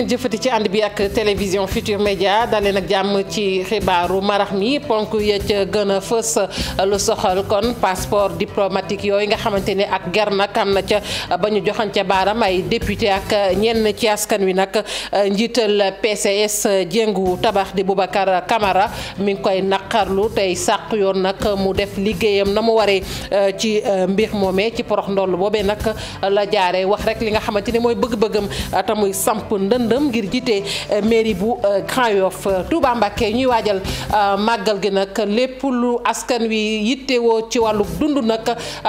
ngeen jëfati ci ànd bi ak télévision Futur Média dalee nag jàmm ci xibaaru marax mi ponk ya ca gën a fës lu soxal kon passeport diplomatique yooyu nga xamante ne ak ger nag am na ca ba ñu joxan ca baaram ay député ak ñenn ci askan wi nag njiital PCS jéngu tabax di Boubacar Camara mu ngi koy naqarlu tey sàq yoon nag mu def liggéeyam na mu waree eh, ci eh, mbir moomee ci porox ndoll boobee nag la jaaree wax rek li nga xamante ne mooy bëgg-bëggam te samp ndënd ngir jiite euh, mairie bu euh, Grand Yoff Touba Mbacké ñuy waajal euh, màggal gi nag lépp lu askan wi yittewoo ci wàllu dund nag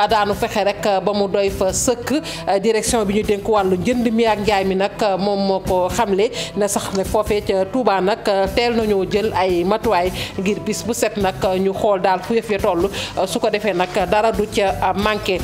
daanu fexe rek ba mu doy fa sëkk direction bi ñu dénk wàllu njënd mi ak njaay mi nag moom moo ko xamle na sax ne foofee ca Touba nag teel nañoo jël ay matuwaay ngir bis bu set nag ñu xool daal fu yëf ya toll su ko defee nag dara du ca manqué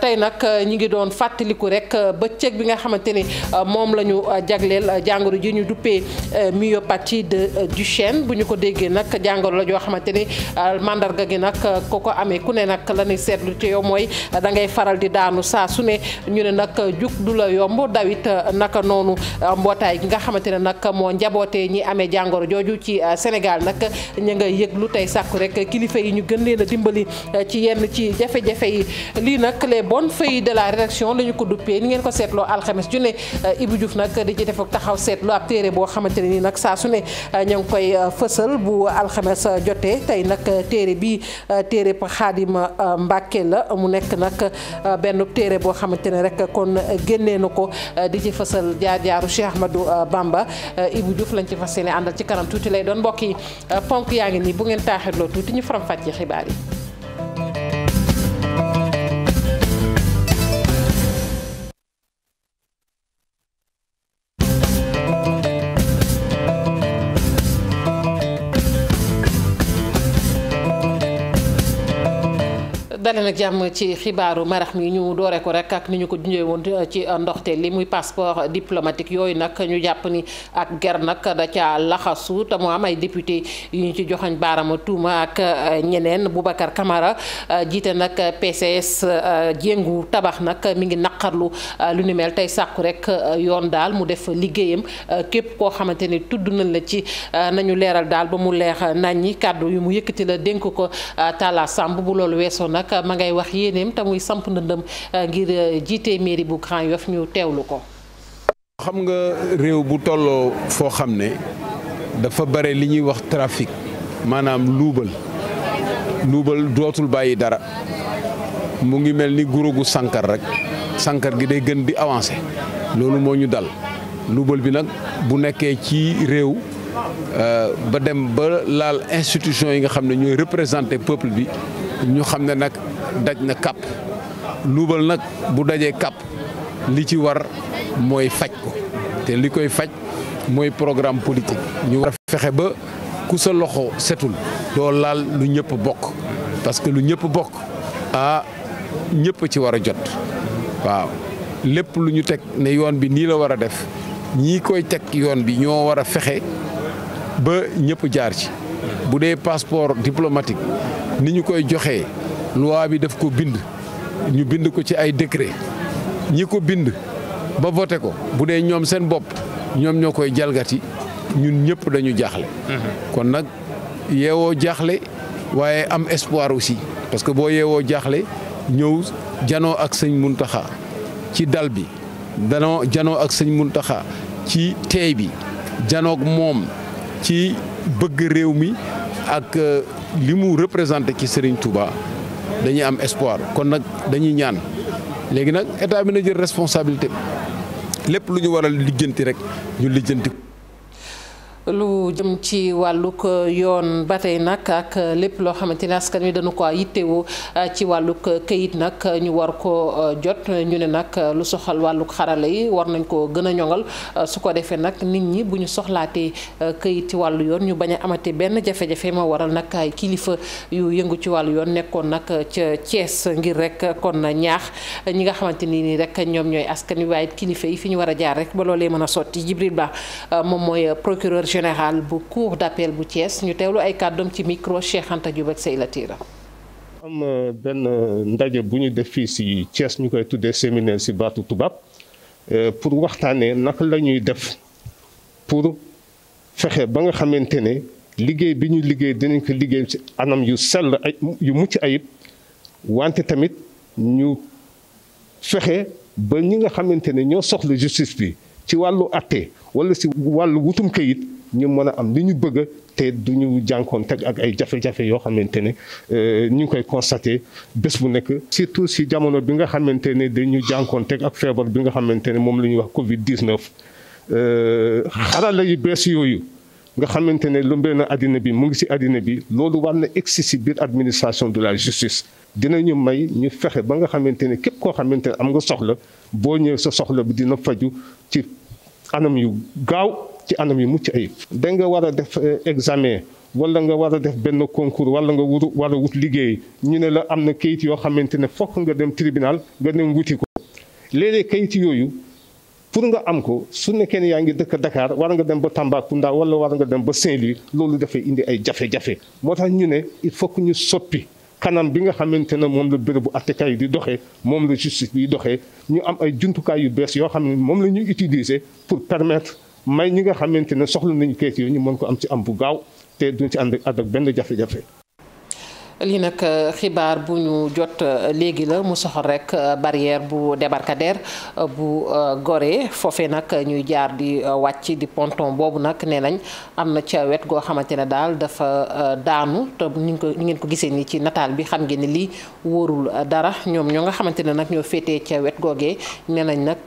tey nag ñi ngi doon fàttaliku rek ba cëg bi nga xamante ni moom la ñu jagleel jàngoro ji ñu duppee euh, myopathie de euh, Duchenne bu ñu ko déggee nag jàngoro la joo xamante ni euh, mandarga gi nag ko ko amee ku ne nag la ñuy seetlu ci yow mooy da ngay faral di daanu saa su ne ñu ne nag jug du la yomb dawit naka noonu mbootaay gi nga xamante ne nag moo njabootee ñi amee jàngoro jooju ci Sénégal nag ñu nga yëglu tey sàkku rek kilifa yi ñu gën leen a dimbali ci yenn ci jafe-jafe yi lii nag les bonnes feuilles de la rédaction la ñu ko duppee ni ngeen ko seetloo alxames ju ne taxaw seetlu ab téere boo xamante ne nii nag saa su ne euh, ñoo ngi koy euh, fësal bu alxames euh, jotee tey nag téere bi téere bu Xaadima Mbàkke la mu nekk nag benn téere boo xamante ne rek kon génnee na ko di ci fësal jaar-jaaru Cheikh Ahmadou Bamba Ibou Diouf lañ ci fas yéene àndal ci kanam tuuti lay doon mbokk yi ponk yaa ngi nii bu ngeen loo tuuti ñu faram-fàccee xibaar yi. dalee nag jàmm ci xibaaru marax mi ñu doore ko rek ak ni ñu ko junjee woon euh, ci ndoxte li muy passeport diplomatique yooyu nag ñu jàpp ni ak gert nag da ca laxasu te mu am ay député yu ñu ci joxañ baarama tuuma ak euh, ñeneen Boubacar kamara euh, jiite nag PCS jéngu tabax nag mi ngi naqarlu lu ni mel tey sàkku rek yoon daal mu def liggéeyam képp koo xamante ni tudd nañ la ci nañu leeral daal ba mu leex nàññi kàddu yu mu yëkkati la dénk ko Talla bu loolu weesoo ma ngay wax yéeneem tamuy samp ndëndëm euh, ngir euh, jiite mairie bu Grand Yoff ñu teewlu ko. xam nga réew bu tolloo foo xam ne dafa bare li ñuy wax trafic maanaam luubal luubal dootul bàyyi dara mu ngi mel ni guro gu sankar rek sankar gi day gën di avancé loolu moo ñu dal luubal bi nag bu nekkee ci réew euh, ba dem ba laal institution yi nga xam ne ñooy représenter peuple bi ñu xam ne nag daj na kàpp luubal nag bu dajee kàpp li ci war mooy faj ko te li koy faj mooy programme politique ñu war fexe ba ku sa loxo setul doo laal lu ñëpp bokk parce que lu ñëpp bokk ah ñëpp ci war a jot waaw lépp lu ñu teg ne yoon bi nii la war a def ñii koy teg yoon bi ñoo war a fexe ba ñëpp jaar ci bu dee passeport diplomatique ni ñu koy joxee loi bi daf ko bind ñu bind ko ci ay décret ñi ko bind ba voté ko bu dee ñoom seen bopp ñoom ñoo koy jalgati ñun ñëpp dañu jaaxle. Mhm. kon nag yeewoo jaaxle waaye am espoir aussi parce que boo yeewoo jaaxle ñëw janoo ak sëñ Muntaxa ci dal bi danoo janoo ak sëñ Muntaxa ci teey bi janook moom ci bëgg réew mi. ak euh, li mu représenté ci Serigne Touba dañuy am espoir kon nag dañuy ñaan léegi nag état bi na jël responsabilité lépp lu ñu war a lijjanti rek ñu lijjanti. lu jëm ci wàllug euh, yoon ba tey nag ak euh, lépp loo xamante ne askan wi danu ko yittewoo euh, ci wàllug këyit nag ñu war ko jot ñu ne nag lu soxal wàllug xarala yi war nañ ko gën a ñoŋal su ko defee nag nit ñi bu ñu soxlaatee këyit ci wàllu yoon ñu bañ a amate benn jafe-jafe ma waral nag ay kilifa yu yëngu ci wàllu yoon nekkoon nag ca cees ngir rek kon ñaax ñi nga xamante ni nii rek ñoom ñooy askan wi waaye kilifa yi fi ñu war a jaar rek ba loolee mën a sotti Jibril Ba général bu cour d'appel bu Thiès ñu teewlu ay kàddoom ci micro Cheikh Anta Diop ak Seyla Tira am benn ndaje bu ñu def fii si cees ñu koy tuddee séminaire si baatu tubaab euh, pour waxtaanee naka la ñuy def pour fexe ba nga xamante ne liggéey bi ñu liggéey dinañ ko liggéey ci anam yu sell ay yu mucc ayib wante tamit ñu fexe ba ñi nga xamante ne ñoo soxla justice bi ci wàllu àtte walla si wàllu wutum kayit ñu mën a am li ñu bëgg te du ñu jànkoon teg ak ay jafe-jafe yoo xamante ne euh, ñu ngi koy constaté bés bu nekk. surtout si jamono bi nga xamante ne dañu jànkoon teg ak feebar bi nga xamante ne moom la ñuy wax Covid 19. Euh, xarala yu bees yooyu nga xamante ne lëmbee na àddina bi mu ngi si àddina bi loolu war na egsi si biir administration de la justice. dinañu may ñu fexe ba nga xamante ne képp koo xamante ne am nga soxla boo ñëwee sa soxla bi dina faju ci anam yu gaaw. ci anam yi mucc ay da nga war a def euh, examen wala nga war a def benn concours wala nga wut war a wut liggéey ñu ne la am na kayit yoo xamante ne fokk nga dem tribunal nga dem wuti ko léeg-léeg kayit yooyu pour nga am ko su nekkee ne yaa ngi dëkk dakaar war nga dem ba Tambacounda wala war nga dem ba Saint-Louis loolu dafay indi ay jafe-jafe moo tax ñu ne il faut ñu soppi kanam bi nga xamante ne moom la bérébu attekaay di doxee moom la justice bi doxee ñu am ay jumtukaay yu bees yoo xam ne moom la ñuy utiliser pour permettre. may ñi nga xamante ne soxla nañu kees yooyu ñu mën ko am ci am bu gaaw te duñ ci ànd ak benn jafe-jafe. li nag euh, xibaar bu ñu jot euh, léegi la mu soxal rek euh, barrière bu débarcadère bu Gorée foofee nag ñuy jaar di wàcc di ponton boobu nag nee nañ am na ca wet goo xamante ne daal dafa daanu te ni ko ni ngeen ko gisee nii ci nataal bi xam ngeen ne lii wóorul dara ñoom ñoo nga xamante ne nag ñoo féete ca wet googee nee nañ nag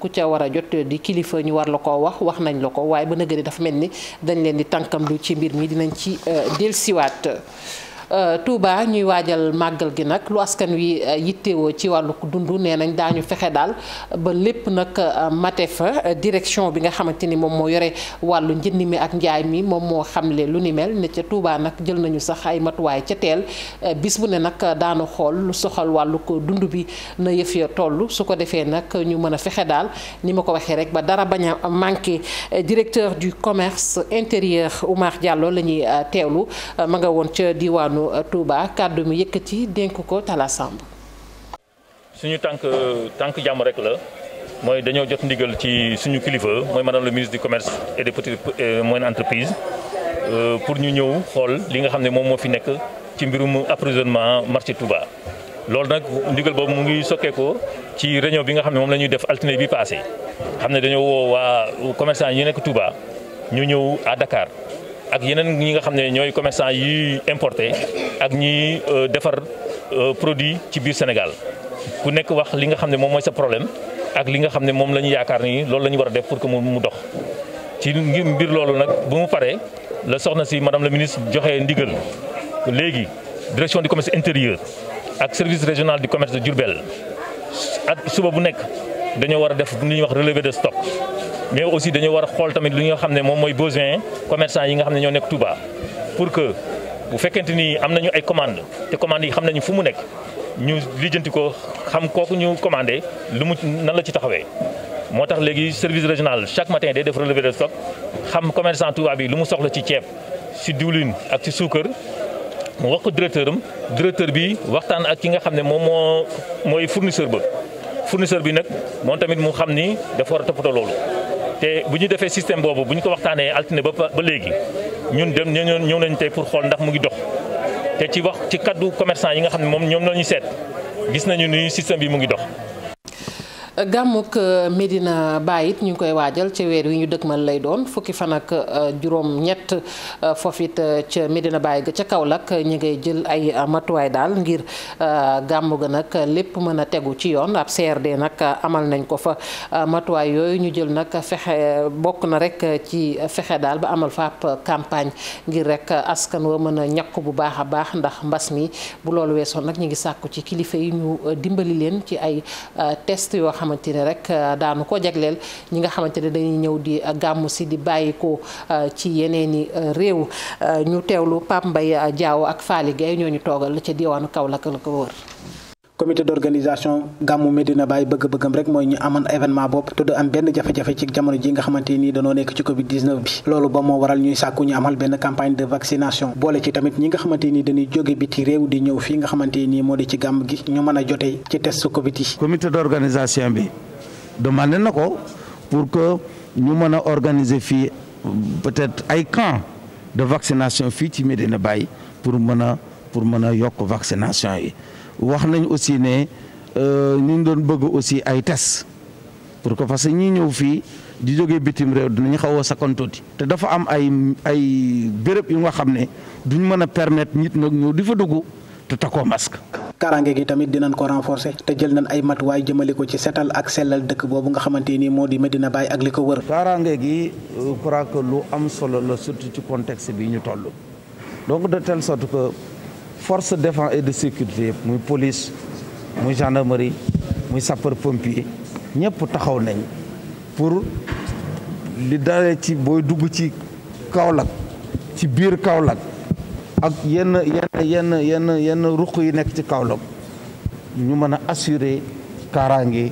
ku ca war a jot di kilifa ñu war la ko wax wax nañ la ko waaye ba nëgëri dafa mel ni dañ leen di tànkam lu ci mbir mii dinañ ci dellusiwaat. Euh, Touba ñuy waajal màggal gi nag lu askan wi euh, yittewoo ci wàllu dund nee nañ daañu fexe daal ba lépp nag euh, mate fa direction bi nga xamante ni moom moo yore wàllu njënd mi ak njaay mi moom moo xam xamle lu ni mel ne ca Touba nag jël nañu sax ay matuwaay ca teel bis bu ne nag daanu xool lu soxal wàllu ko dund bi na yëf ya toll su ko defee nag ñu mën a fexe daal ni ma ko waxee rek ba dara bañ a manqué directeur du commerce intérieur Oumar Diallo la ñuy diwaanu euh, Touba kàddu mi yëkkati dénk ko Talla Samb. suñu tànk tànk jàmm rek la mooy dañoo jot ndigal ci suñu kilifa mooy madame le ministre du commerce et des petites et moyennes euh, pour ñu ñëw xool li nga xam ne moom moo fi nekk ci mbirum approvisionnement marché Touba. loolu nag ndigal boobu mu ngi sokkee ko ci réunion bi nga xam ne moom la ñuy def altine bi passé xam ne dañoo woo waa commerçant yi nekk Touba ñu ñëw à Dakar. ak yeneen ñi nga xam ne ñooy commerçant yi importé ak ñiy euh, defar euh, produit ci biir Sénégal ku nekk wax li nga xam ne moom mooy sa problème ak li nga xam ne moom la ñu yaakaar ni loolu la ñu war a def pour que mu dox. ci ngir mbir loolu nag bu mu paree la soxna si madame la ministre joxe ndigal léegi direction du commerce intérieur ak service régional du commerce de Diourbel ak suba bu nekk dañoo war def li ñuy wax relevé de stock. mais aussi dañoo war a xool tamit lu nga xam ne moom mooy besoin commerçant yi nga xam ne ñoo nekk Touba pour que bu fekkente ni am nañu ay commande te commandes yi xam nañu fu mu nekk ñu lijjanti ko xam kooku ñu commandé lu mu nan la ci taxawee. moo tax léegi service régional chaque matin day def relevé de stock xam commerçant Touba bi lu mu soxla ci ceeb si diwlin ak ci suukar. mu wax ko directeur am directeur bi waxtaan ak ki nga xam ne moom moo mooy fournisseur ba fournisseur bi nag moom tamit mu xam ni dafa loolu. te bu ñu defee système boobu bu ñu ko waxtaanee altine ba ba léegi ñun dem ñëw nañu tey pour xool ndax mu ngi dox te ci wax ci kaddu commerçant yi nga xam ne moom ñoom la ñu seet gis nañu ni système bi mu ngi dox. gàmmuk euh, Medina Baye it ñu ngi koy waajal ca weer wi ñu dëgmal lay doon fukki fan ak euh, juróom ñett euh, foofu it ca Medina Baye ga ca Kaolack ñi ngay jël ay matuwaay daal ngir gàmmu ga nag lépp mën a tegu ci yoon ab CRD nag amal nañ ko fa matuwaay yooyu ñu jël nag fexe bokk na rek ci fexe daal ba amal fa ab campagne ngir rek askan wa mën a ñàkk bu baax a baax ndax mbas mi bu loolu weesoon nag ñu ngi sàkku ci kilifa yi ñu dimbali leen ci ay test yoo xamante ne rek euh, daanu ko jagleel ñi nga xamante ne dañuy ñëw di euh, gàmmu si di bàyyi euh, ci yeneen i réew ñu teewlu Pape Mbaye Diaw ak Faly Gueye ñoo ñu toogal ca diwaanu Kaolack la ko wër. comité d'organisation gàmmu Medina Baye bëgg-bëggam rek mooy ñu amoon événement bopp te du am benn jafe-jafe ci jamono ji nga xamante nii danoo nekk ci covid bi loolu ba moo waral ñuy sàkku ñu amal benn campagne de vaccination boole ci tamit ñi nga xamante nii dañuy jóge biti réew di ñëw fii nga xamante nii moo di ci gàmm gi ñu man a jotee ci test su covid yi comité d'organisation bi demandé na ko pour que ñu mën a organiser fii peut-être ay camp de vaccination fii ci Medina Baye pour mën a pour mën a yokk vaccination yi wax nañ aussi ne euh, ñu ngi doon bëgg aussi ay tes pour que parce que ñi ñëw fii di jógee bitim réew dinañ xaw a sakkantooti te dafa am ay ay béréb yu nga xam ne duñ mën a permettre nit nag ñëw di fa dugg te takkoo masque. karange gi tamit dinañ ko renforcer te jël nañ ay matuwaay jëmale ko ci setal ak sellal dëkk boobu nga xamante ni moo di Medina Baye ak li ko wër. karange gi euh, je lu am solo la surtout ci contexte bi ñu toll donc de telle sorte que force de défense et de sécurité yëpp muy police muy gendarmerie muy sapeur pompier ñëpp taxaw nañ pour li dalee ci booy dugg ci Kaolack ci biir Kaolack ak yenn yenn yenn yenn yenn ruq yi nekk ci Kaolack ñu mën a assurer kaaraange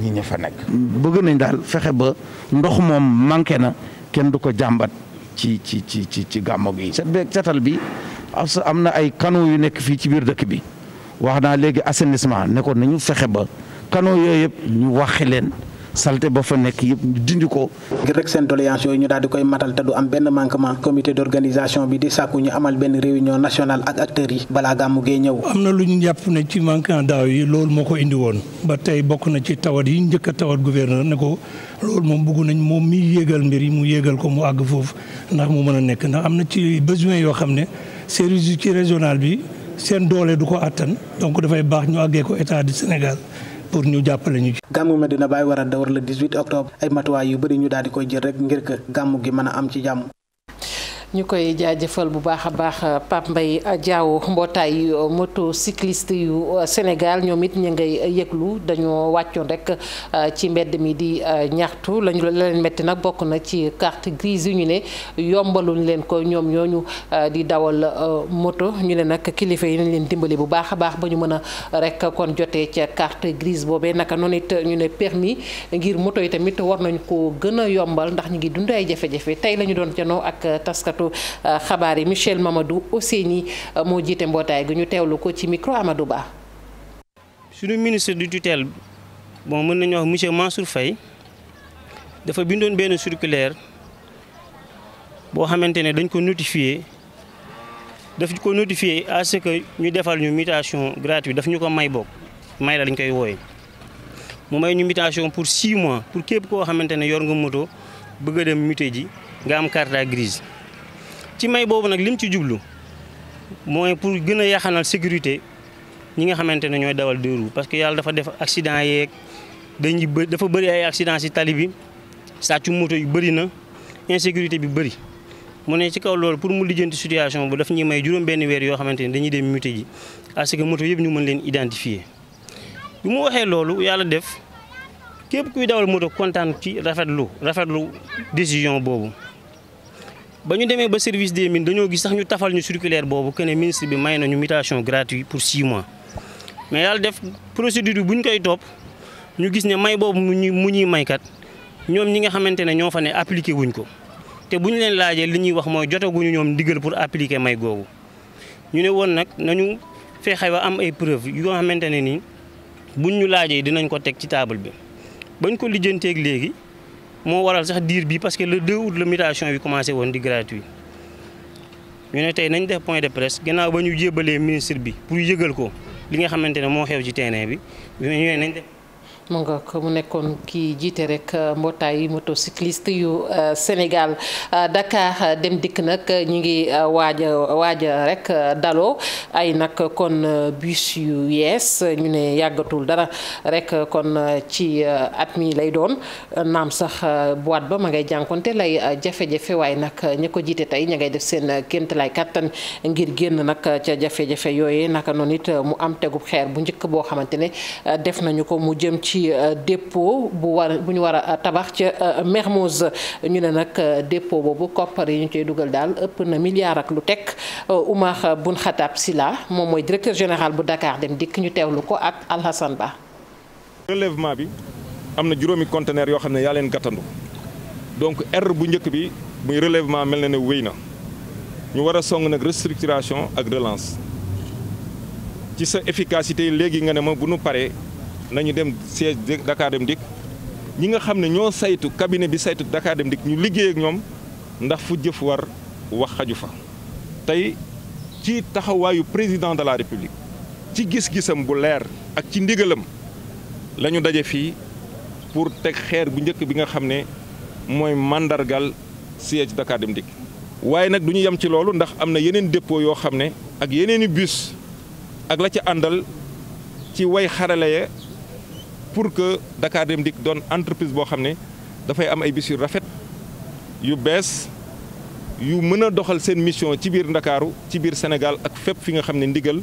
ñi ña fa nekk. bëgg nañ daal fexe ba ndox moom manqué na kenn du ko jàmbat ci ci ci ci ci gàmmu gi. set beeg setal bi. as am na ay canaux yu nekk fii ci biir dëkk bi wax naa léegi assainissement ne ko nañu fexe ba canaux yooyu yëpp ñu waxe leen salte ba fa nekk yëpp ñu dindi ko. ngir rek seen doléance yooyu ñu daal di koy matal te du am benn manquement comité d'organisation bi di sàkku ñu amal benn réunion nationale ak acteurs yi balaa gàmmu gee ñëw. am na lu ñu jàpp ne ci manquant daaw yi loolu moo ko indi woon ba tey bokk na ci tawat yi njëkk tawat gouverneur ne ko loolu moom bëgg nañ moom mi yéegal mbir yi mu yéegal ko mu àgg foofu ndax mu mën a nekk ndax am na ci besoin yoo xam ne. service régional bi seen doolee du ko attan donc dafay baax ñu àggee ko état du Sénégal pour ñu jàppale ñu ci. gàmmu Medina Baye war a dawar le 18 octobre ay matuwaay yu bëri ñu daal di koy jël rek ngir que gàmmu gi mën a am ci jàmm. ñu koy jaajëfal bu baax a baax euh, Pape Mbaye Diaw mbootaay euh, moto cycliste yu euh, Sénégal ñoom it ñu ngay yëglu dañoo wàccoon rek ci mbedd mi di ñaxtu lañu la leen metti nag bokk na ci carte grise yu ñu ne yombaluñ leen ko ñoom ñooñu di dawal moto ñu ne nag kilifa yi nañ leen dimbali bu baax a baax ba ñu mën a rek kon jotee ca carte grise boobee naka noonu it ñu ne permis ngir moto yi tamit war nañ ko gën a yombal ndax ñu ngi dund ay jafe-jafe tey la doon janoo taskatu euh, xabaar yi Michel Mamadou Ousseyni euh, moo jiite mbootaay gi ñu teewlu ko ci micro Amadou Ba. suñu ministre du tutelle bon mën nañu wax monsieur Mansour Faye dafa bindoon benn circulaire boo xamante ne dañ ko notifié daf ko notifié à que ñu defal ñu mutation gratuite daf ñu ko may bokk may la dañ koy wooye mu may ñu mutation pour 6 mois pour képp koo xamante ne yor nga moto bëgg a dem muté ji nga am carte grise ci may boobu nag lim ci jublu mooy pour gën a yaxanal sécurité ñi nga xamante ne ñooy dawal deux parce que yàlla dafa def accident yeeg dañuy bëri dafa bëri ay accident ci tali bi sàccu moto yu bëri na insécurité bi bëri. mu ne ci kaw loolu pour mu lijjanti situation bu daf ñuy may juróom benn weer yoo xamante ne dañuy dem muté ji parce que moto yëpp ñu mën leen identifier bi mu waxee loolu yàlla def képp kuy dawal moto kontaan ci rafetlu rafetlu décision boobu. ba ñu demee ba service de mines dañoo gis sax ñu tafal ñu circulaire boobu que ne ministre bi may nañu mutation gratuite pour 6 mois mais yàlla def procédure bu ñu koy topp ñu gis ne may boobu mu ñuy mu ñuy maykat ñoom ñi nga xamante ne ñoo fa ne appliqué wuñ ko te bu ñu leen laajee li ñuy wax mooy jotaguñu ñoom ndigal pour appliquer may googu ñu ne woon nag nañu fexe ba am ay preuve yoo xamante ne nii buñ ñu laajee dinañ ko teg ci table bi bañ ko lijjantee léegi. moo waral sax diir bi parce que le 2 août la mutation bi commencé woon di gratuit ñu ne tey nañ def point de presse gannaaw ba ñu jébbalee ministre bi pour yëgal ko li nga xamante ne moo xew ci terrain bi ñu ne nañ def. mu nga ko mu nekkoon kii jiite rek euh, mbootaayu motocycliste yu euh, Sénégal euh, dakaar dem dikk nag ñu ngi waaja waaja rek daloo ay nag kon bus yu yees ñu ne yàggatul dara rek kon ci at mi lay doon naam sax boîte ba ma ngay jànkonte lay jafe-jafe waaye nag ña ko jiite tey ña ngay def seen kémt lay kàttan ngir génn nag ca jafe-jafe yooyee naka noon it mu am tegub xeer bu njëkk boo xamante ne def nañu ko mu jëm ci ci euh, dépôt bu war bu ñu war tabax ca euh, Mermoz ñu ne nag euh, dépôt boobu koppar yi ñu cay dugal daal ëpp na milliard ak lu teg Oumar Boun Khatab Sylla moom mooy directeur général bu dakaar Dem Dikk ñu teewlu ko ak Alhassane Ba. relèvement bi am na juróomi conteneur yoo xam ne yaa leen gàttandu donc R bu njëkk bi muy relèvement mel na ne wéy na ñu war song nag restructuration ak relance ci sa efficacité léegi nga ne ma bu nu paree. nañu dem siège Dakar Dem ñi nga xam ne ñoo saytu cabinet bi saytu Dakar Dem ñu liggéey ak ñoom ndax fu jëf war wax xaju fa tey ci taxawaayu président de la république ci gis-gisam bu leer ak ci ndigalam la ñu daje fii pour teg xeer bu njëkk bi nga xam ne mooy màndargal siège Dakar Dem waaye nag du ñu yem ci loolu ndax am na yeneen dépôt yoo xam ne ak yeneen i bus ak la ci àndal ci way xarale ya pour que Dakar Dem Dikk doon entreprise boo xam ne dafay am ay bis yu rafet yu bees yu mën a doxal seen mission ci biir Ndakaaru ci biir Sénégal ak fépp fi nga xam ne ndigal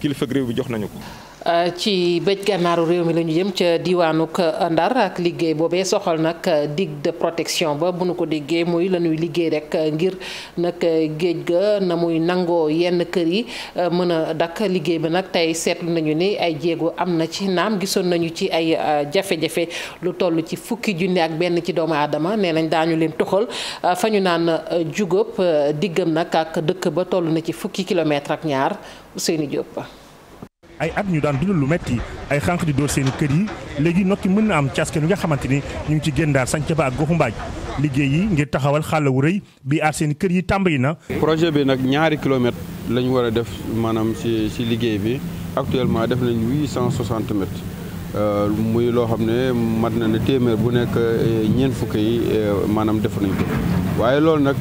kilifa réew bi jox nañu ko. Euh, ci bëj gànnaaru réew mi lañu ñu jëm ca diwaanuk Ndar ak liggéey boobee soxal nag digue de protection ba bu nu ko déggee muy lañuy liggéey rek ngir nag géej ga na muy nangoo yenn kër yi euh, mën a dakk liggéey ba nag tey seetlu nañu ni ay jéego am na ci naam gisoon nañu ci ay euh, jafe-jafe lu toll ci fukki junne ak benn ci doomu aadama nee nañ daañu leen toxal fa ñu naan jugóob diggam nag ak dëkk ba toll na ci fukki kilomètre ak ñaar Ousseynou Diop ay at ñu daan dund lu metti ay xànq di dóor seen kër yi léegi nokki mën na am ci askan wi nga xamante ni ñu ngi ci Guet-Ndar Santhiaba ak Goxu Mbaaj liggéey yi ngir taxawal xàll wu rëy bi aar seen kër yi tàmbali na. projet bi nag ñaari kilomètres lañu war a def maanaam ci ci liggéey bi actuellement def nañ 860 mètres euh, muy loo xam ne mat na ne téeméer bu nekk euh, ñeent fukk yi euh, maanaam def nañ ko. waaye loolu nag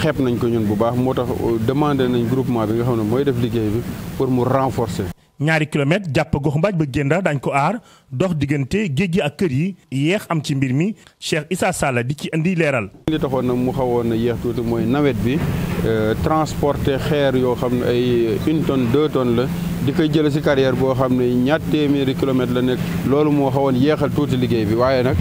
xeeb nañ ko ñun bu baax moo tax demandé nañ groupement bi nga xam ne mooy def liggéey bi pour mu renforcer. ñaari kilomètre jàpp gox mbaaj ba génda daañ ko aar dox diggante géej gi ak kër yi yeex am ci mbir mi Cheikh Issa Sall di ci indi leeral. li taxoon nag mu xawoon na yeex tuuti mooy nawet bi euh, transporter xeer yoo xam ne ay une tonne deux tonnes la di koy jëlee si carrière boo xam ne ñaar téeméeri kilomètre la nekk loolu moo xawoon yeexal tuuti liggéey bi waaye nag.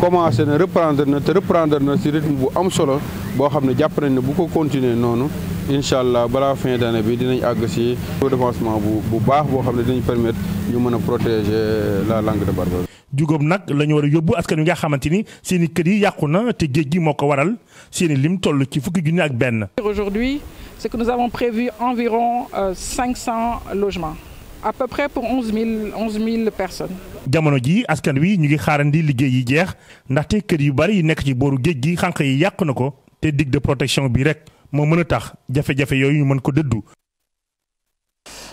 commencé na reprendre na te reprendre na si rythme bu am solo boo xam ne jàpp nañ ne bu ko continuer noonu incha allah balaa fin d'année bi dinañ àgg si taux d'avancement bu bu baax boo xam ne dinañ permettre ñu mën a protéger la langue de Barbarie. jugóob nag la ñu war a yóbbu askan wi nga xamante ni seeni kër yi yàqu na te géej gi moo ko waral seen i lim toll ci fukki junni ak benn. aujourd'hui c'est que nous avons prévu environ euh, cinq cent logements. à peu près pour onze mille onze mille personnes. jamono ji askan wi ñu ngi di liggéey yi jeex ndaxte kër yu bari yi nekk ci booru géej gi xànq yi yàqu na ko te digue de protection bi rek. moo mën a tax jafe-jafe yooyu ñu mën ko dëddu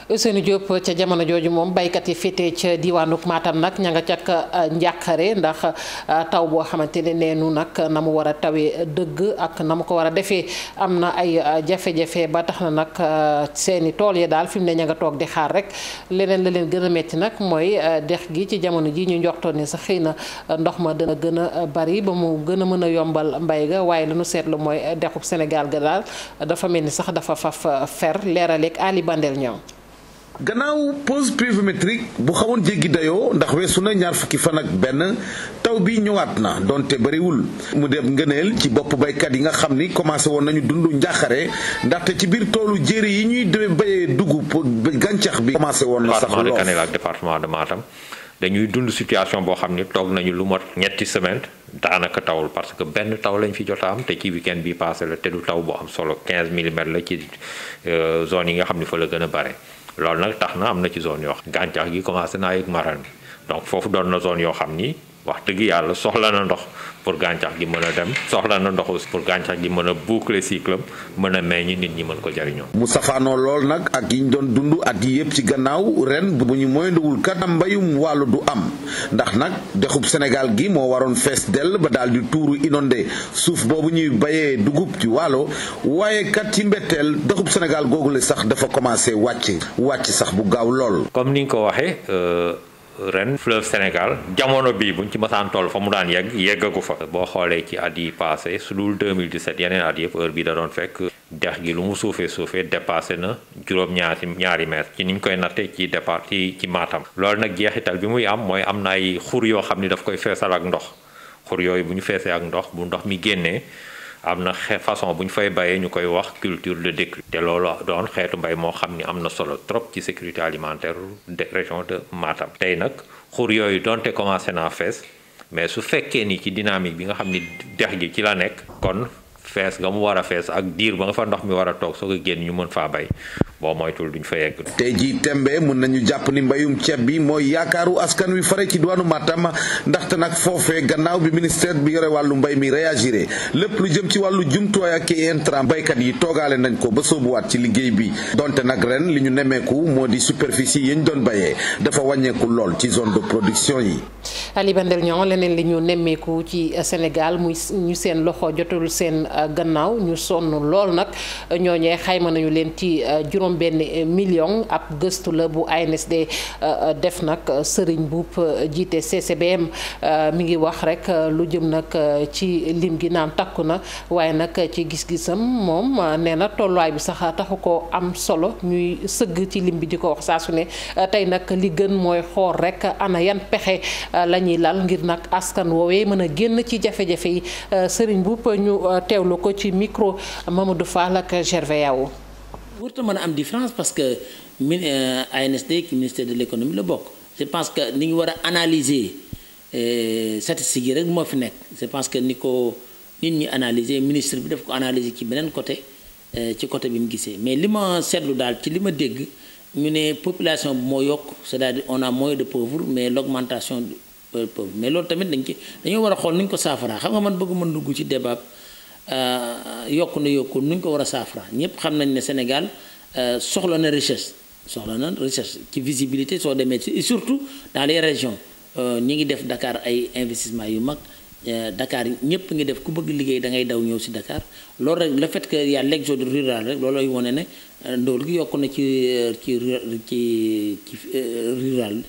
Ousseynou Diop ca jamono jooju moom baykat yi féetee ca diwaanu Matam nag ña nga cak uh, njàqare ndax uh, taw boo xamante ne neenu nag na mu war a tawee dëgg ak na mu ko war a defee am na ay uh, jafe-jafe ba tax na nag seeni tool ya daal fi mu ne ña nga toog di xaar rek leneen la leen gën a métti nag mooy dex gi ci jamono ji ñu njoxtoon ni sax xëy na ndox ma dana gën a bari ba mu gën a mën a yombal mbay ga waaye la seetlu mooy dexub Sénégal ga daal dafa mel ni sax dafa faf fer leeraleeg Ali Bandel ñoom gannaaw pause pluviométrique bu xawoon jéggi dayoo ndax weesu na ñaar fukki fan ak benn taw bi ñëwaat na donte bëriwul mu dem ngëneel ci bopp baykat yi nga xam ni commencé woon nañu dund njaaxare ndaxte ci biir toolu jéeri yi ñuy de béyee dugub gàncax bi commencé woon na sax lool département de Kanel ak département de Matam dañuy dund situation boo xam ni toog nañu lu mot ñetti semaine daanaka tawul parce que benn taw lañ fi jot am te ci week-end bi passé la te du taw boo am solo 15 millimètres la ci euh, zone yi xam ni fa la gën a bare loolu nag tax na am na ci zone yoo xam gàncax gi commencé naa yëg maral donc foofu doon na zone yoo xam ni wax dëgg yàlla soxla na ndox pour gàncax gi mën a dem soxla na ndox aussi pour gàncax gi mën a boucler cycle am a meññ nit ñi mën ko jariñoo mu safaanoo lool nag ak yi ñu doon dund at yi yëpp ci gannaaw ren bu ñu moytuwul kat a mbayum wàllu du am ndax nag dexub Sénégal gi moo waroon fees dell ba daal di tuuru inondé suuf boobu ñuy bayee dugub ci waalo waaye kat ci mbetteel dexub Sénégal googule sax dafa commencé wàcc wàcc sax bu gaaw lool comme ni nga ko waxee euh, ren fleuve Sénégal jamono bii buñ ci masaan toll fa mu daan yegg yeggagu fa boo xoolee ci at yi passé su dul 2017 yeneen at yëpp heure bi da doon fekk dex gi lu mu suufee suufee dépassé na juróom ñaari ñaari mètre ci niñ koy nattee ci départ ci ci Matam loolu nag jeexital bi muy am mooy am na ay xur yoo xam ni daf koy feesal ak ndox xur yooyu bu ñu feesee ak ndox bu ndox mi génnee am na xe façon bu ñu fay bayee ñu koy wax culture de décrue te loolu doon xeetu mbay moo xam ni am na solo trop ci sécurité alimentaire de région de Matam tey nag xur yooyu donte commencé naa fees mais su fekkee ni ci dynamique bi nga xam ni dex gi ci la nekk kon fees nga mu war a fees ak diir ba nga fa ndox mi war a toog soo ko génn ñu mën faa bay boo moytul duñ fa yegg. tey jii tembe mun nañu jàpp ni mbayum ceeb bi mooy yaakaaru askan wi fare ci diwaanu Matam ndaxte nag foofee gannaaw bi ministère bi yore wàllu mbay mi réagiré lépp lu jëm ci wàllu jumtuwaay ak intrant baykat yi toogaale nañ ko ba sóobuwaat ci liggéey bi donte nag ren li ñu nemmeeku moo di superficie yi ñu doon bayee dafa wàññeeku lool ci zone de production yi. Ali Bandel ñoo leneen li ñu nemmeeku ci Sénégal muy ñu seen loxo jotul seen euh, gannaaw ñu sonn lool benn million ab gëstu la bu ANSD euh, euh, def nag euh, Serigne Mboup jiite CCBM mi ngi wax rek lu jëm nag ci lim gi naam takku na waaye nag ci gis-gisam moom nee na tolluwaay bi sax taxu ko am solo ñuy sëgg ci lim bi di ko wax saasu ne tey nag li gën mooy xool rek ana yan pexe la ñuy lal ngir nag askan woowee mën a génn ci jafe-jafe yi Serigne Mboup ñu teewlu ko ci micro Mamadou Fall ak Gervais Yao warut a mën a am différence parce que min euh, ANSD ki ministère de l' économie la bokk je pense que ni ñu war a analyser euh, statistiques yi rek moo fi nekk je parce que ni ko nit ñi analyser ministre bi def ko analyser ci beneen côté euh, ci côté bi mu gisee mais li ma seetlu daal ci li ma dégg ñu ne population bi moo yokk c' à dire on a moins de pauvres mais l' de pauvres mais loolu tamit dañ ci dañoo war a xool ni ko saafaraa xam nga man bëgg Euh, yokk na yokku nu ko war a saafara ñëpp xam nañ ne Sénégal euh, soxla na richesse soxla na richesse ci visibilité soo demee ci surtout dans les régions euh, ñi ngi def dakaar ay investissement yu mag Dakar ñëpp ngi def ku bëgg liggéey da ngay daw ñëw si dakaar loolu rek le fait que y a l'exode rural rek loolooy wane ne ndool gi yokku na ci ci ci ci rural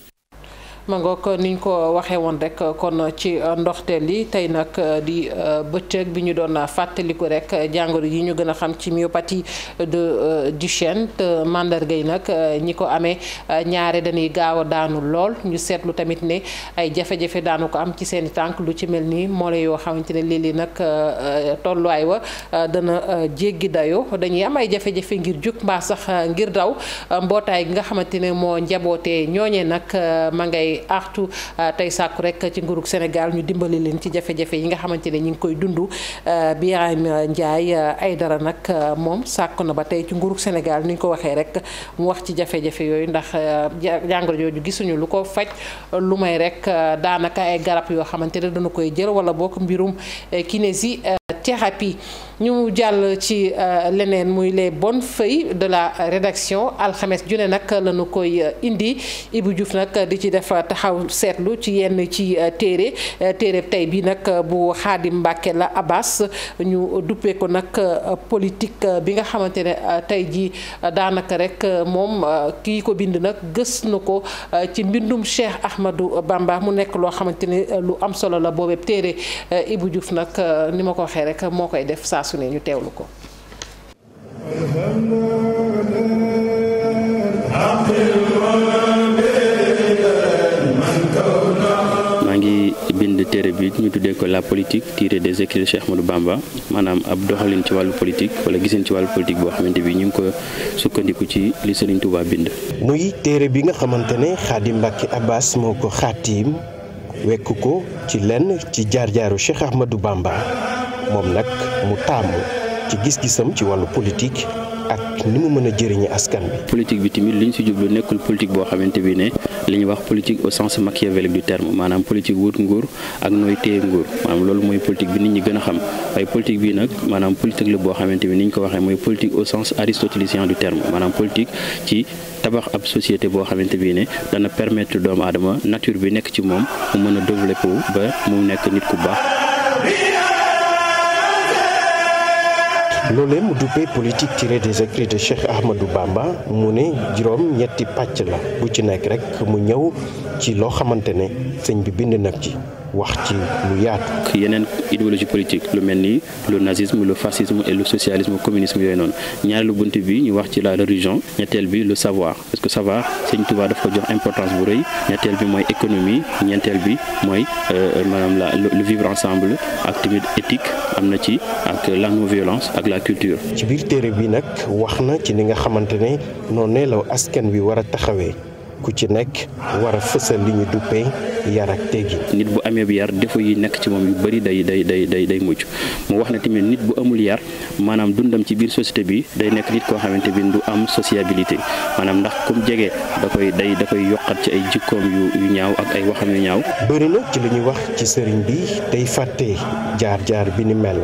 ma ngoog ni ko waxee woon rek kon ci ndoxteel li tey nag euh, di euh, bëccëg bi ñu doon fàttaliku rek jàngoro yi ñu gën a xam ci myopathie de euh, Duchenne te mandarga yi nag ñi ko amee ñaare dañuy gaaw a daanu lool ñu seetlu tamit ne ay jafe-jafe daanu ko am ci seen tànk lu ci mel ni moole yoo xamante ne léeg-léeg nag tolluwaay wa dana jéggi dayo dañuy am ay jafe-jafe ngir jug mbaa sax ngir daw mbootaay bi nga xamante ne moo njabootee ñooñee nag ma ngay koy artu euh, tey sàkku rek ci nguurug Sénégal ñu dimbali leen ci jafe-jafe yi nga xamante ne ñu ngi koy dund euh, Birame Ndiaye euh, dara nag moom sàkk na ba tey ci nguurug Sénégal ni ñu ko waxee rek mu wax ci jafe-jafe yooyu ndax jàngoro jooju gisuñu lu ko faj lu may rek daanaka ay garab yoo xamante ne dana koy jël wala bokk mbirum kinési thérapie ñu jàll ci euh, leneen muy les bonnes feuilles de la rédaction alxemes ju ne nag lañu koy euh, indi Ibou Diouf nag di ci def taxaw seetlu ci yenn ci euh, téere téere tey bi nag bu Xaadim Mbàkke la Abbas ñu duppee ko nag politique bi nga xamante ne tey ji daanaka rek moom kii ko bind nag gës nu ko ci mbindum Cheikh Ahmadou Bamba mu nekk loo xamante ne lu am solo la boobee téere Ibou Diouf nag ni ma ko waxee rek moo koy def saa su ne ñu ko. maa ngi bind téere bi ñu tuddee ko la politique tiré des écrits de Cheikh Ahmadou Bamba maanaam ab doxalin ci wàllu politique wala giseen ci wàllu politique boo xamante bi ñu ngi ko sukkandiku ci li Serigne Touba bind. muy téere bi nga xamante ne Xaadim Mbàkke Abbas moo ko xaatiim wekk ko ci lenn ci jaar jaaru Cheikh Ahmadou Bamba. moom nag mu taamu ci gis-gisam ci wàllu politique ak ni mu mën a jëriñi askan bi. politique bi tamit li ñu si jublu nekkul politique boo xamante bi ne li ñu wax politique au sens machiavélique du terme maanaam politique wut nguur ak nooy téye nguur maanaam loolu mooy politique bi nit ñi gën a xam waaye politique bi nag maanaam politique la boo xamante bi ni ñu ko waxee mooy politique au sens aristotélicien du terme maanaam politique ci tabax ab société boo xamante bi ne dana permettre doomu aadama nature bi nekk ci moom mën a développer wu ba mu nekk nit ku baax. loolee mu duppee politique tirée des écrits de Cheikh Bamba mu ne juróom ñetti pàcc la bu ci nekk rek mu ñëw ci loo xamante ne sëñ bi bind nag ci wax ci lu yaatu. yeneen idéologie politique lu mel ni le nazisme le fascisme et le socialisme communisme yooyu noonu ñaareelu bunt bi ñu wax ci la religion ñetteel bi le savoir parce que savoir Sëñ Tuubaa daf ko jox importance bu rëy ñetteel bi mooy économie ñeenteel bi mooy euh, maanaam la le vivre ensemble ak tamit éthique am na ci ak la non violence ak la culture. ci biir téere bi nag wax na ci li nga xamante ne noonu la askan wi war a taxawee ku ci nekk war a fësal li ñu duppee. yar ak teggi nit bu amee bi yar defo yi nekk ci moom yu bëri day day day day day mucc mu wax ne tamit nit bu amul yar maanaam dundam ci biir société bi day nekk nit koo xamante bi du am sociabilité maanaam ndax comme jege da koy day da koy yokkat ci ay jikkoom yu yu ñaaw ak ay waxam yu ñaaw bëri ci li ñuy wax ci sëriñ bi day fàtte jaar jaar bi ni mel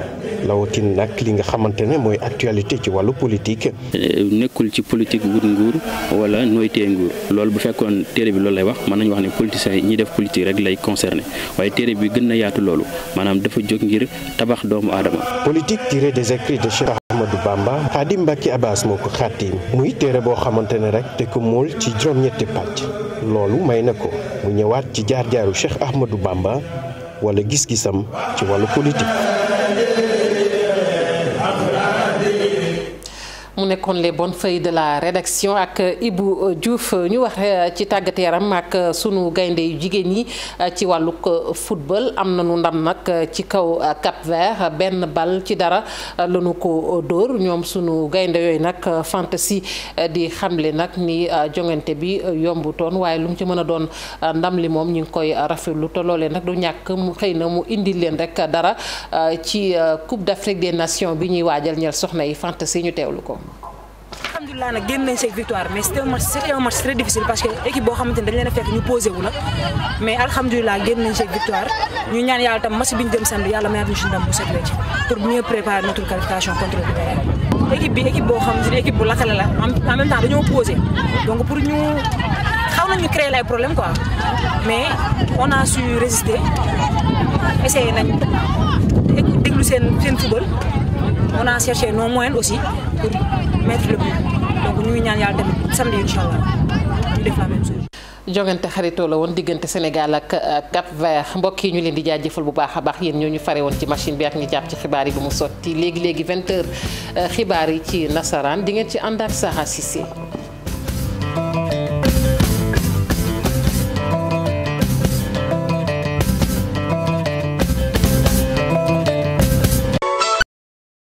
rawatina nag li nga xamante ne mooy actualité ci wàllu politique. Euh, nekkul ci politique wut nguur wala nooy téye nguur loolu bu fekkoon téere bi loolu lay wax mën nañu wax ne politiciens yi ñiy def politique rek lay concerné waaye téere bi gën na yaatu loolu maanaam dafa jóg ngir tabax doomu aadama. politique tirée des écrits de Cheikh Ahmadou Bamba Xaadim Mbacke Abbas moo ko xaatim muy téere boo xamante ne rek te ko mool ci juróom-ñetti pàcc loolu may na ko mu ñëwaat ci jaar-jaaru Cheikh Ahmadou Bamba wala gis-gisam ci wàllu politique. mu nekkoon les bon feuilles de la rédaction ak Ibou Diouf ñu wax euh, ci tàggat yaram ak euh, suñu gaynde yu jigéen yi euh, ci wàllug football am nañu ndam nag ci kaw Cap Vert benn bal ci dara lañu ko dóor ñoom suñu gaynde yooyu nag fantasy di xamle nag ni jongante bi yombu toon waaye lu mu ci mën a doon ndam li moom ñu ngi koy rafetlu te loolee nag du ñàkk mu xëy na mu indi leen rek dara ci Coupe d'Afrique des Nations bi ñuy waajal ñeel soxna yi fantasy ñu teewlu ko. alhamdulilah nag génn nañ seen victoire mais c'était un match c'était un match très difficile parce que équipe boo xamante ni dañ leen a fekk ñu posé la mais alhamdulilah génn nañ seen victoire ñu ñaan yàlla tam match bi ñu jëm samedi yàlla mayaat ñu suñu ndam bu set ci pour mieux préparer notre qualification contre le Bénin équipe bi équipe boo xamante ni équipe bu lakkale la en même temps dañoo posé donc pour ñu xaw nañu créer lay problème quoi aussi mettre le but la woon diggante Sénégal ak Cap-Vert mbokk yi ñu leen di jaajëfal bu baax a baax yéen ñoo ñu fare woon ci machine bi ak ñu jàpp ci xibaar yi bu mu sotti léegi léegi 20 xibaar yi ci nasaraan di ngeen ci ànd ak Sara Cissé